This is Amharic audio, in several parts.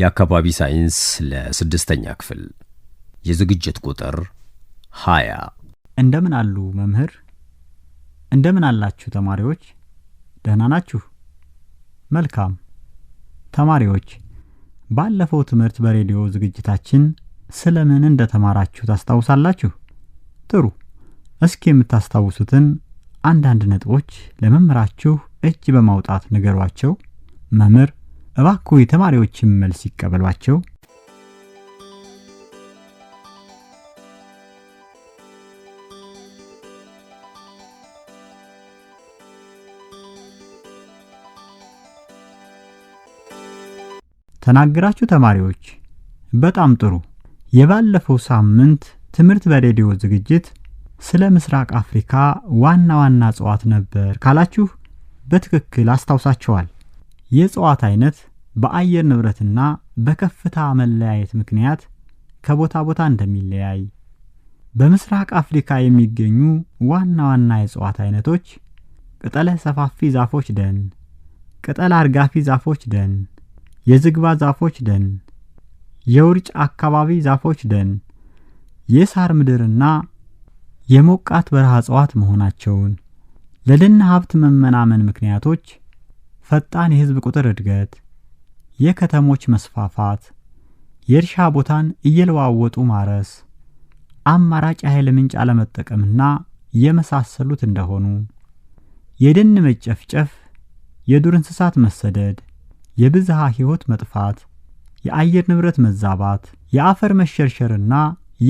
የአካባቢ ሳይንስ ለስድስተኛ ክፍል የዝግጅት ቁጥር 20 እንደምን አሉ መምህር? እንደምን አላችሁ ተማሪዎች? ደህና ናችሁ? መልካም ተማሪዎች፣ ባለፈው ትምህርት በሬዲዮ ዝግጅታችን ስለ ምን እንደተማራችሁ ታስታውሳላችሁ? ጥሩ። እስኪ የምታስታውሱትን አንዳንድ ነጥቦች ለመምህራችሁ እጅ በማውጣት ንገሯቸው። መምህር እባኮ የተማሪዎችን መልስ ይቀበሏቸው። ተናግራችሁ ተማሪዎች፣ በጣም ጥሩ። የባለፈው ሳምንት ትምህርት በሬዲዮ ዝግጅት ስለ ምስራቅ አፍሪካ ዋና ዋና እጽዋት ነበር ካላችሁ በትክክል አስታውሳችኋል። የእጽዋት አይነት በአየር ንብረትና በከፍታ መለያየት ምክንያት ከቦታ ቦታ እንደሚለያይ፣ በምስራቅ አፍሪካ የሚገኙ ዋና ዋና የእጽዋት አይነቶች ቅጠለ ሰፋፊ ዛፎች ደን፣ ቅጠል አርጋፊ ዛፎች ደን፣ የዝግባ ዛፎች ደን፣ የውርጭ አካባቢ ዛፎች ደን፣ የሳር ምድርና የሞቃት በረሃ እጽዋት መሆናቸውን ለደን ሀብት መመናመን ምክንያቶች ፈጣን የሕዝብ ቁጥር እድገት፣ የከተሞች መስፋፋት፣ የእርሻ ቦታን እየለዋወጡ ማረስ፣ አማራጭ የኃይል ምንጭ አለመጠቀምና የመሳሰሉት እንደሆኑ የደን መጨፍጨፍ፣ የዱር እንስሳት መሰደድ፣ የብዝሃ ሕይወት መጥፋት፣ የአየር ንብረት መዛባት፣ የአፈር መሸርሸርና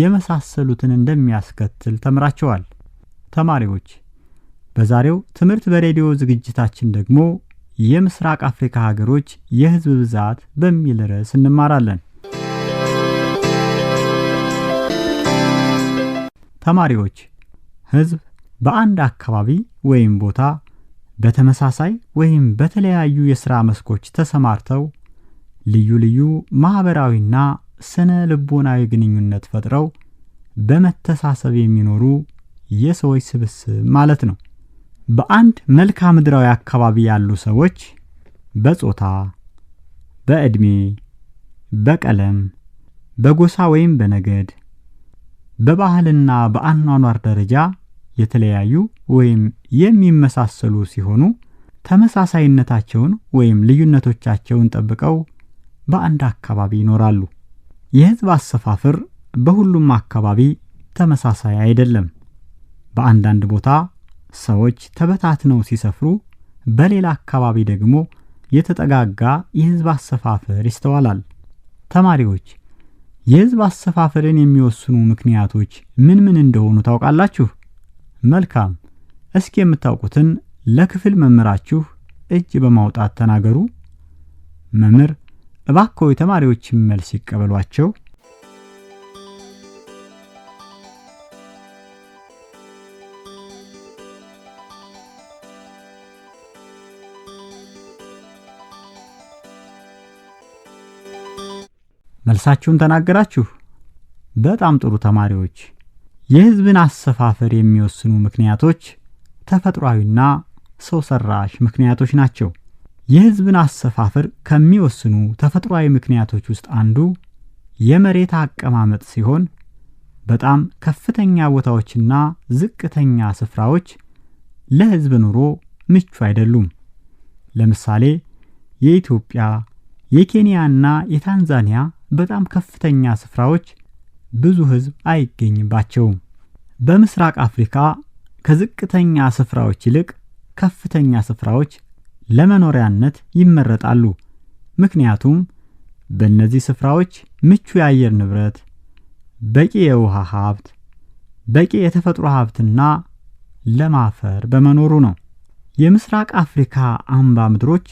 የመሳሰሉትን እንደሚያስከትል ተምራቸዋል። ተማሪዎች በዛሬው ትምህርት በሬዲዮ ዝግጅታችን ደግሞ የምስራቅ አፍሪካ ሀገሮች የህዝብ ብዛት በሚል ርዕስ እንማራለን። ተማሪዎች ህዝብ በአንድ አካባቢ ወይም ቦታ በተመሳሳይ ወይም በተለያዩ የሥራ መስኮች ተሰማርተው ልዩ ልዩ ማኅበራዊና ስነ ልቦናዊ ግንኙነት ፈጥረው በመተሳሰብ የሚኖሩ የሰዎች ስብስብ ማለት ነው። በአንድ መልክዓ ምድራዊ አካባቢ ያሉ ሰዎች በጾታ፣ በዕድሜ፣ በቀለም፣ በጎሳ ወይም በነገድ፣ በባህልና በአኗኗር ደረጃ የተለያዩ ወይም የሚመሳሰሉ ሲሆኑ ተመሳሳይነታቸውን ወይም ልዩነቶቻቸውን ጠብቀው በአንድ አካባቢ ይኖራሉ። የሕዝብ አሰፋፍር በሁሉም አካባቢ ተመሳሳይ አይደለም። በአንዳንድ ቦታ ሰዎች ተበታትነው ሲሰፍሩ፣ በሌላ አካባቢ ደግሞ የተጠጋጋ የህዝብ አሰፋፈር ይስተዋላል። ተማሪዎች የህዝብ አሰፋፈርን የሚወስኑ ምክንያቶች ምን ምን እንደሆኑ ታውቃላችሁ? መልካም። እስኪ የምታውቁትን ለክፍል መምህራችሁ እጅ በማውጣት ተናገሩ። መምህር እባክዎ የተማሪዎችን መልስ ይቀበሏቸው። መልሳችሁን ተናገራችሁ። በጣም ጥሩ ተማሪዎች። የህዝብን አሰፋፈር የሚወስኑ ምክንያቶች ተፈጥሯዊና ሰው ሰራሽ ምክንያቶች ናቸው። የህዝብን አሰፋፈር ከሚወስኑ ተፈጥሯዊ ምክንያቶች ውስጥ አንዱ የመሬት አቀማመጥ ሲሆን በጣም ከፍተኛ ቦታዎችና ዝቅተኛ ስፍራዎች ለህዝብ ኑሮ ምቹ አይደሉም። ለምሳሌ የኢትዮጵያ፣ የኬንያና የታንዛኒያ በጣም ከፍተኛ ስፍራዎች ብዙ ህዝብ አይገኝባቸውም። በምስራቅ አፍሪካ ከዝቅተኛ ስፍራዎች ይልቅ ከፍተኛ ስፍራዎች ለመኖሪያነት ይመረጣሉ። ምክንያቱም በእነዚህ ስፍራዎች ምቹ የአየር ንብረት፣ በቂ የውሃ ሀብት፣ በቂ የተፈጥሮ ሀብትና ለም አፈር በመኖሩ ነው። የምስራቅ አፍሪካ አምባ ምድሮች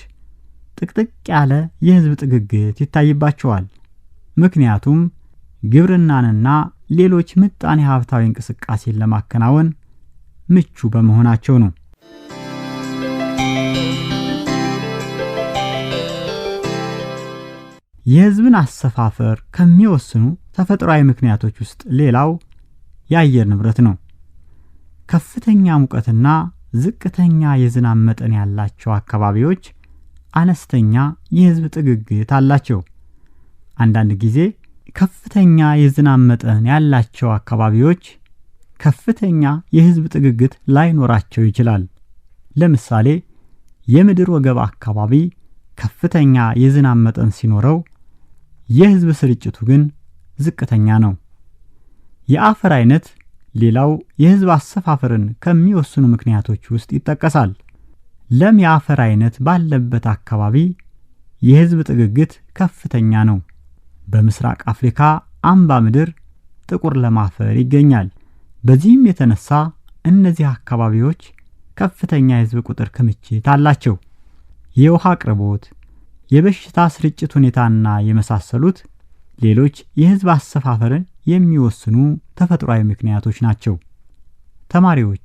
ጥቅጥቅ ያለ የህዝብ ጥግግት ይታይባቸዋል። ምክንያቱም ግብርናንና ሌሎች ምጣኔ ሀብታዊ እንቅስቃሴን ለማከናወን ምቹ በመሆናቸው ነው። የሕዝብን አሰፋፈር ከሚወስኑ ተፈጥሯዊ ምክንያቶች ውስጥ ሌላው የአየር ንብረት ነው። ከፍተኛ ሙቀትና ዝቅተኛ የዝናብ መጠን ያላቸው አካባቢዎች አነስተኛ የሕዝብ ጥግግት አላቸው። አንዳንድ ጊዜ ከፍተኛ የዝናብ መጠን ያላቸው አካባቢዎች ከፍተኛ የህዝብ ጥግግት ላይኖራቸው ይችላል። ለምሳሌ የምድር ወገብ አካባቢ ከፍተኛ የዝናብ መጠን ሲኖረው የህዝብ ስርጭቱ ግን ዝቅተኛ ነው። የአፈር አይነት ሌላው የህዝብ አሰፋፈርን ከሚወስኑ ምክንያቶች ውስጥ ይጠቀሳል። ለም የአፈር አይነት ባለበት አካባቢ የህዝብ ጥግግት ከፍተኛ ነው። በምስራቅ አፍሪካ አምባ ምድር ጥቁር ለም አፈር ይገኛል። በዚህም የተነሳ እነዚህ አካባቢዎች ከፍተኛ የህዝብ ቁጥር ክምችት አላቸው። የውሃ አቅርቦት፣ የበሽታ ስርጭት ሁኔታና የመሳሰሉት ሌሎች የህዝብ አሰፋፈርን የሚወስኑ ተፈጥሯዊ ምክንያቶች ናቸው። ተማሪዎች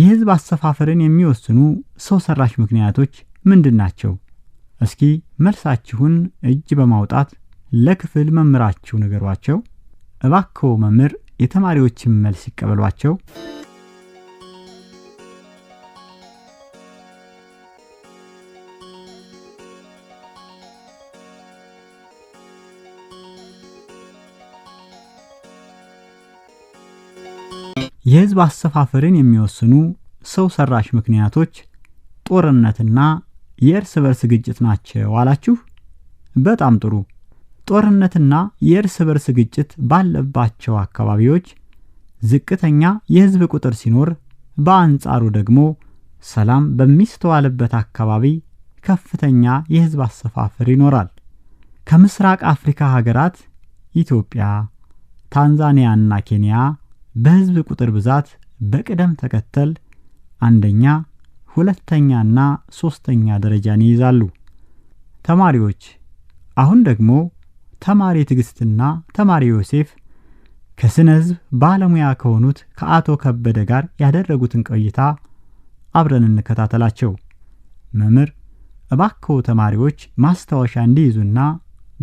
የህዝብ አሰፋፈርን የሚወስኑ ሰው ሰራሽ ምክንያቶች ምንድን ናቸው? እስኪ መልሳችሁን እጅ በማውጣት ለክፍል መምህራችሁ ንገሯቸው። እባክዎ መምህር የተማሪዎችን መልስ ይቀበሏቸው። የህዝብ አሰፋፈርን የሚወስኑ ሰው ሰራሽ ምክንያቶች ጦርነትና የእርስ በርስ ግጭት ናቸው አላችሁ። በጣም ጥሩ። ጦርነትና የእርስ በርስ ግጭት ባለባቸው አካባቢዎች ዝቅተኛ የህዝብ ቁጥር ሲኖር፣ በአንጻሩ ደግሞ ሰላም በሚስተዋልበት አካባቢ ከፍተኛ የህዝብ አሰፋፍር ይኖራል። ከምስራቅ አፍሪካ ሀገራት ኢትዮጵያ፣ ታንዛኒያ እና ኬንያ በህዝብ ቁጥር ብዛት በቅደም ተከተል አንደኛ፣ ሁለተኛና ሶስተኛ ደረጃን ይይዛሉ። ተማሪዎች አሁን ደግሞ ተማሪ ትዕግስትና ተማሪ ዮሴፍ ከስነ ህዝብ ባለሙያ ከሆኑት ከአቶ ከበደ ጋር ያደረጉትን ቆይታ አብረን እንከታተላቸው። መምህር እባክዎ ተማሪዎች ማስታወሻ እንዲይዙና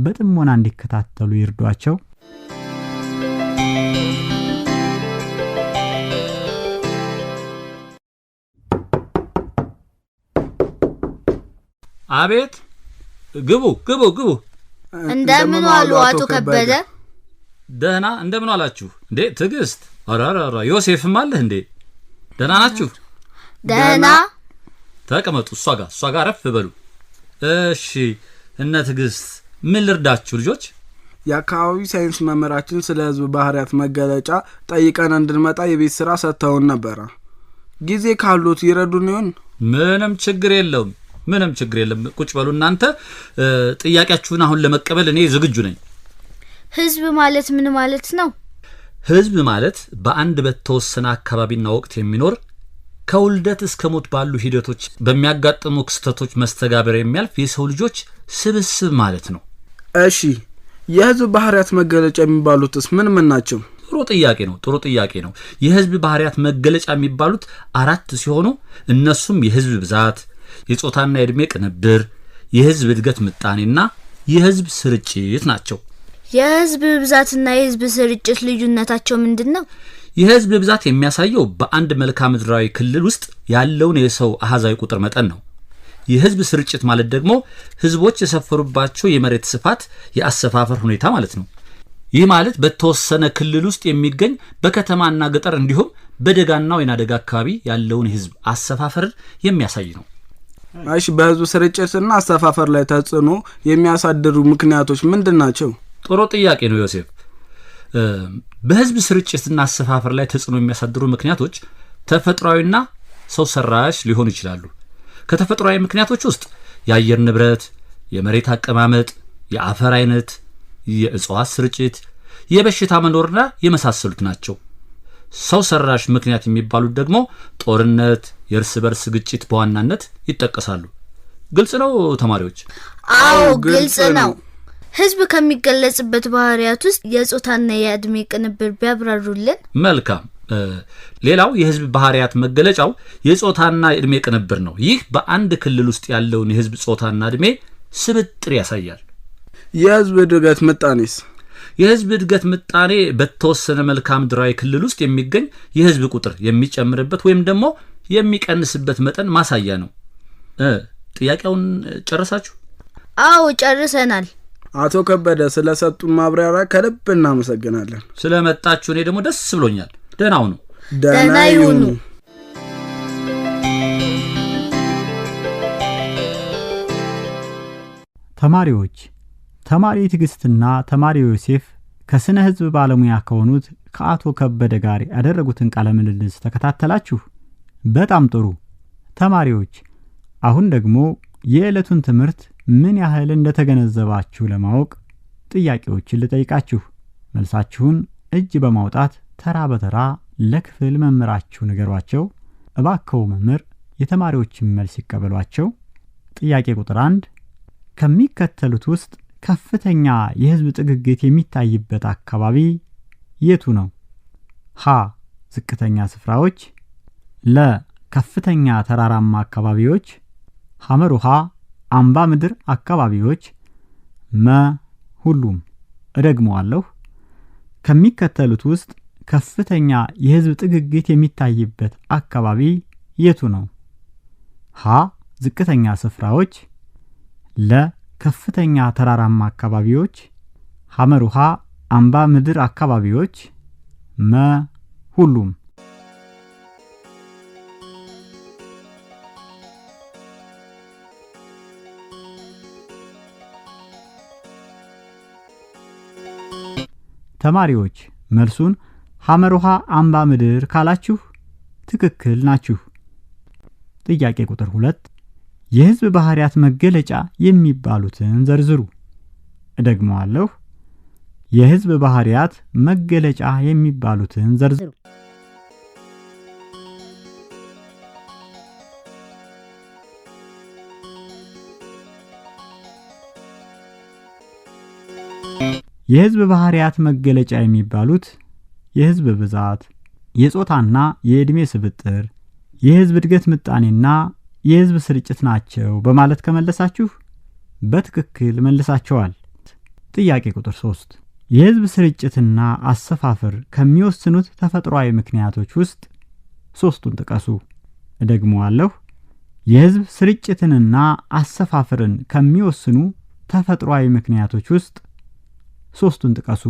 በጥሞና እንዲከታተሉ ይርዷቸው። አቤት! ግቡ ግቡ ግቡ እንደምን አሉ አቶ ከበደ። ደህና እንደምን አላችሁ እንዴ ትዕግስት፣ አራራራ ዮሴፍም አለህ እንዴ? ደህና ናችሁ? ደህና። ተቀመጡ፣ እሷ ጋር እሷ ጋር ረፍ በሉ። እሺ እነ ትዕግስት ምን ልርዳችሁ ልጆች? የአካባቢ ሳይንስ መምህራችን ስለ ህዝብ ባህሪያት መገለጫ ጠይቀን እንድንመጣ የቤት ስራ ሰጥተውን ነበረ። ጊዜ ካሉት ይረዱን ይሆን? ምንም ችግር የለውም ምንም ችግር የለም። ቁጭ በሉ እናንተ። ጥያቄያችሁን አሁን ለመቀበል እኔ ዝግጁ ነኝ። ህዝብ ማለት ምን ማለት ነው? ህዝብ ማለት በአንድ በተወሰነ አካባቢና ወቅት የሚኖር ከውልደት እስከ ሞት ባሉ ሂደቶች በሚያጋጥሙ ክስተቶች መስተጋበር የሚያልፍ የሰው ልጆች ስብስብ ማለት ነው። እሺ፣ የህዝብ ባህሪያት መገለጫ የሚባሉትስ ምን ምን ናቸው? ጥሩ ጥያቄ ነው። ጥሩ ጥያቄ ነው። የህዝብ ባህሪያት መገለጫ የሚባሉት አራት ሲሆኑ እነሱም የህዝብ ብዛት፣ የጾታና የዕድሜ ቅንብር፣ የህዝብ እድገት ምጣኔና የህዝብ ስርጭት ናቸው። የህዝብ ብዛትና የህዝብ ስርጭት ልዩነታቸው ምንድን ነው? የህዝብ ብዛት የሚያሳየው በአንድ መልክዓ ምድራዊ ክልል ውስጥ ያለውን የሰው አሃዛዊ ቁጥር መጠን ነው። የህዝብ ስርጭት ማለት ደግሞ ህዝቦች የሰፈሩባቸው የመሬት ስፋት፣ የአሰፋፈር ሁኔታ ማለት ነው። ይህ ማለት በተወሰነ ክልል ውስጥ የሚገኝ በከተማና ገጠር እንዲሁም በደጋና ወይና ደጋ አካባቢ ያለውን የህዝብ አሰፋፈርን የሚያሳይ ነው። እሺ በህዝብ ስርጭትና አሰፋፈር ላይ ተጽዕኖ የሚያሳድሩ ምክንያቶች ምንድን ናቸው? ጥሩ ጥያቄ ነው ዮሴፍ። በህዝብ ስርጭትና አሰፋፈር ላይ ተጽዕኖ የሚያሳድሩ ምክንያቶች ተፈጥሯዊና ሰው ሰራሽ ሊሆኑ ይችላሉ። ከተፈጥሯዊ ምክንያቶች ውስጥ የአየር ንብረት፣ የመሬት አቀማመጥ፣ የአፈር አይነት፣ የእጽዋት ስርጭት፣ የበሽታ መኖርና የመሳሰሉት ናቸው። ሰው ሰራሽ ምክንያት የሚባሉት ደግሞ ጦርነት፣ የእርስ በርስ ግጭት በዋናነት ይጠቀሳሉ። ግልጽ ነው ተማሪዎች? አዎ ግልጽ ነው። ህዝብ ከሚገለጽበት ባህሪያት ውስጥ የጾታና የእድሜ ቅንብር ቢያብራሩልን። መልካም። ሌላው የህዝብ ባህሪያት መገለጫው የጾታና የእድሜ ቅንብር ነው። ይህ በአንድ ክልል ውስጥ ያለውን የህዝብ ጾታና እድሜ ስብጥር ያሳያል። የህዝብ እድገት ምጣኔስ የህዝብ እድገት ምጣኔ በተወሰነ መልክዓ ምድራዊ ክልል ውስጥ የሚገኝ የህዝብ ቁጥር የሚጨምርበት ወይም ደግሞ የሚቀንስበት መጠን ማሳያ ነው። ጥያቄውን ጨረሳችሁ? አዎ ጨርሰናል። አቶ ከበደ ስለሰጡን ማብራሪያ ከልብ እናመሰግናለን። ስለመጣችሁ እኔ ደግሞ ደስ ብሎኛል። ደህናው ነው ደህና ይሁኑ። ተማሪዎች ተማሪ ትዕግስትና ተማሪ ዮሴፍ ከሥነ ሕዝብ ባለሙያ ከሆኑት ከአቶ ከበደ ጋር ያደረጉትን ቃለ ምልልስ ተከታተላችሁ። በጣም ጥሩ ተማሪዎች፣ አሁን ደግሞ የዕለቱን ትምህርት ምን ያህል እንደተገነዘባችሁ ለማወቅ ጥያቄዎችን ልጠይቃችሁ። መልሳችሁን እጅ በማውጣት ተራ በተራ ለክፍል መምህራችሁ ንገሯቸው። እባከው መምህር የተማሪዎችን መልስ ይቀበሏቸው። ጥያቄ ቁጥር አንድ ከሚከተሉት ውስጥ ከፍተኛ የህዝብ ጥግግት የሚታይበት አካባቢ የቱ ነው? ሀ. ዝቅተኛ ስፍራዎች ለ. ከፍተኛ ተራራማ አካባቢዎች ሐመር ውሃ አምባ ምድር አካባቢዎች መ. ሁሉም። እደግመዋለሁ። ከሚከተሉት ውስጥ ከፍተኛ የህዝብ ጥግግት የሚታይበት አካባቢ የቱ ነው? ሀ. ዝቅተኛ ስፍራዎች ለ. ከፍተኛ ተራራማ አካባቢዎች ሐመር ውሃ አምባ ምድር አካባቢዎች መ ሁሉም ተማሪዎች መልሱን ሐመር ውሃ አምባ ምድር ካላችሁ ትክክል ናችሁ። ጥያቄ ቁጥር ሁለት የሕዝብ ባህሪያት መገለጫ የሚባሉትን ዘርዝሩ። እደግመዋለሁ። የሕዝብ ባህሪያት መገለጫ የሚባሉትን ዘርዝሩ። የሕዝብ ባህሪያት መገለጫ የሚባሉት የሕዝብ ብዛት፣ የጾታና የዕድሜ ስብጥር፣ የሕዝብ እድገት ምጣኔና የህዝብ ስርጭት ናቸው በማለት ከመለሳችሁ በትክክል መልሳቸዋል። ጥያቄ ቁጥር 3 የህዝብ ስርጭትና አሰፋፍር ከሚወስኑት ተፈጥሯዊ ምክንያቶች ውስጥ ሦስቱን ጥቀሱ። እደግመዋለሁ። የህዝብ ስርጭትንና አሰፋፍርን ከሚወስኑ ተፈጥሯዊ ምክንያቶች ውስጥ ሦስቱን ጥቀሱ።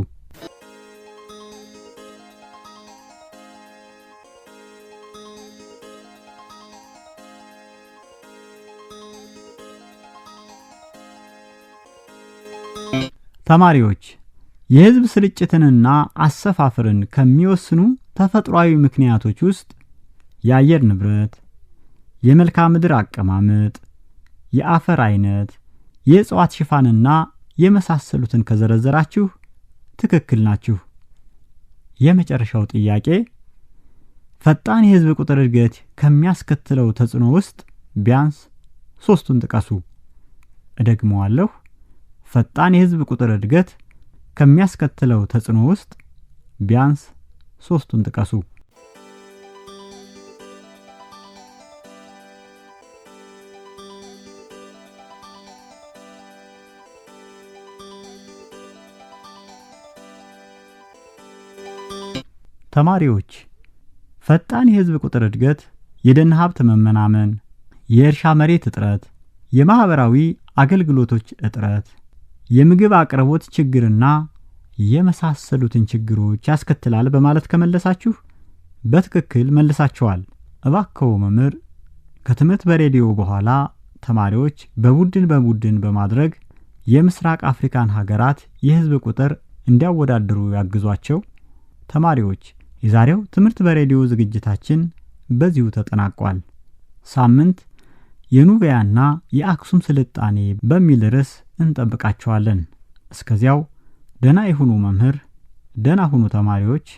ተማሪዎች የህዝብ ስርጭትንና አሰፋፍርን ከሚወስኑ ተፈጥሯዊ ምክንያቶች ውስጥ የአየር ንብረት፣ የመልክዓ ምድር አቀማመጥ፣ የአፈር አይነት፣ የእጽዋት ሽፋንና የመሳሰሉትን ከዘረዘራችሁ ትክክል ናችሁ። የመጨረሻው ጥያቄ ፈጣን የህዝብ ቁጥር እድገት ከሚያስከትለው ተጽዕኖ ውስጥ ቢያንስ ሶስቱን ጥቀሱ። እደግመዋለሁ። ፈጣን የህዝብ ቁጥር እድገት ከሚያስከትለው ተጽዕኖ ውስጥ ቢያንስ ሶስቱን ጥቀሱ። ተማሪዎች ፈጣን የህዝብ ቁጥር እድገት የደን ሀብት መመናመን፣ የእርሻ መሬት እጥረት፣ የማህበራዊ አገልግሎቶች እጥረት የምግብ አቅርቦት ችግርና የመሳሰሉትን ችግሮች ያስከትላል በማለት ከመለሳችሁ በትክክል መልሳችኋል። እባክዎ መምህር ከትምህርት በሬዲዮ በኋላ ተማሪዎች በቡድን በቡድን በማድረግ የምስራቅ አፍሪካን ሀገራት የህዝብ ቁጥር እንዲያወዳድሩ ያግዟቸው። ተማሪዎች የዛሬው ትምህርት በሬዲዮ ዝግጅታችን በዚሁ ተጠናቋል። ሳምንት የኑቢያና የአክሱም ስልጣኔ በሚል ርዕስ እንጠብቃችኋለን። እስከዚያው ደህና ይሁኑ መምህር፣ ደህና ሁኑ ተማሪዎች።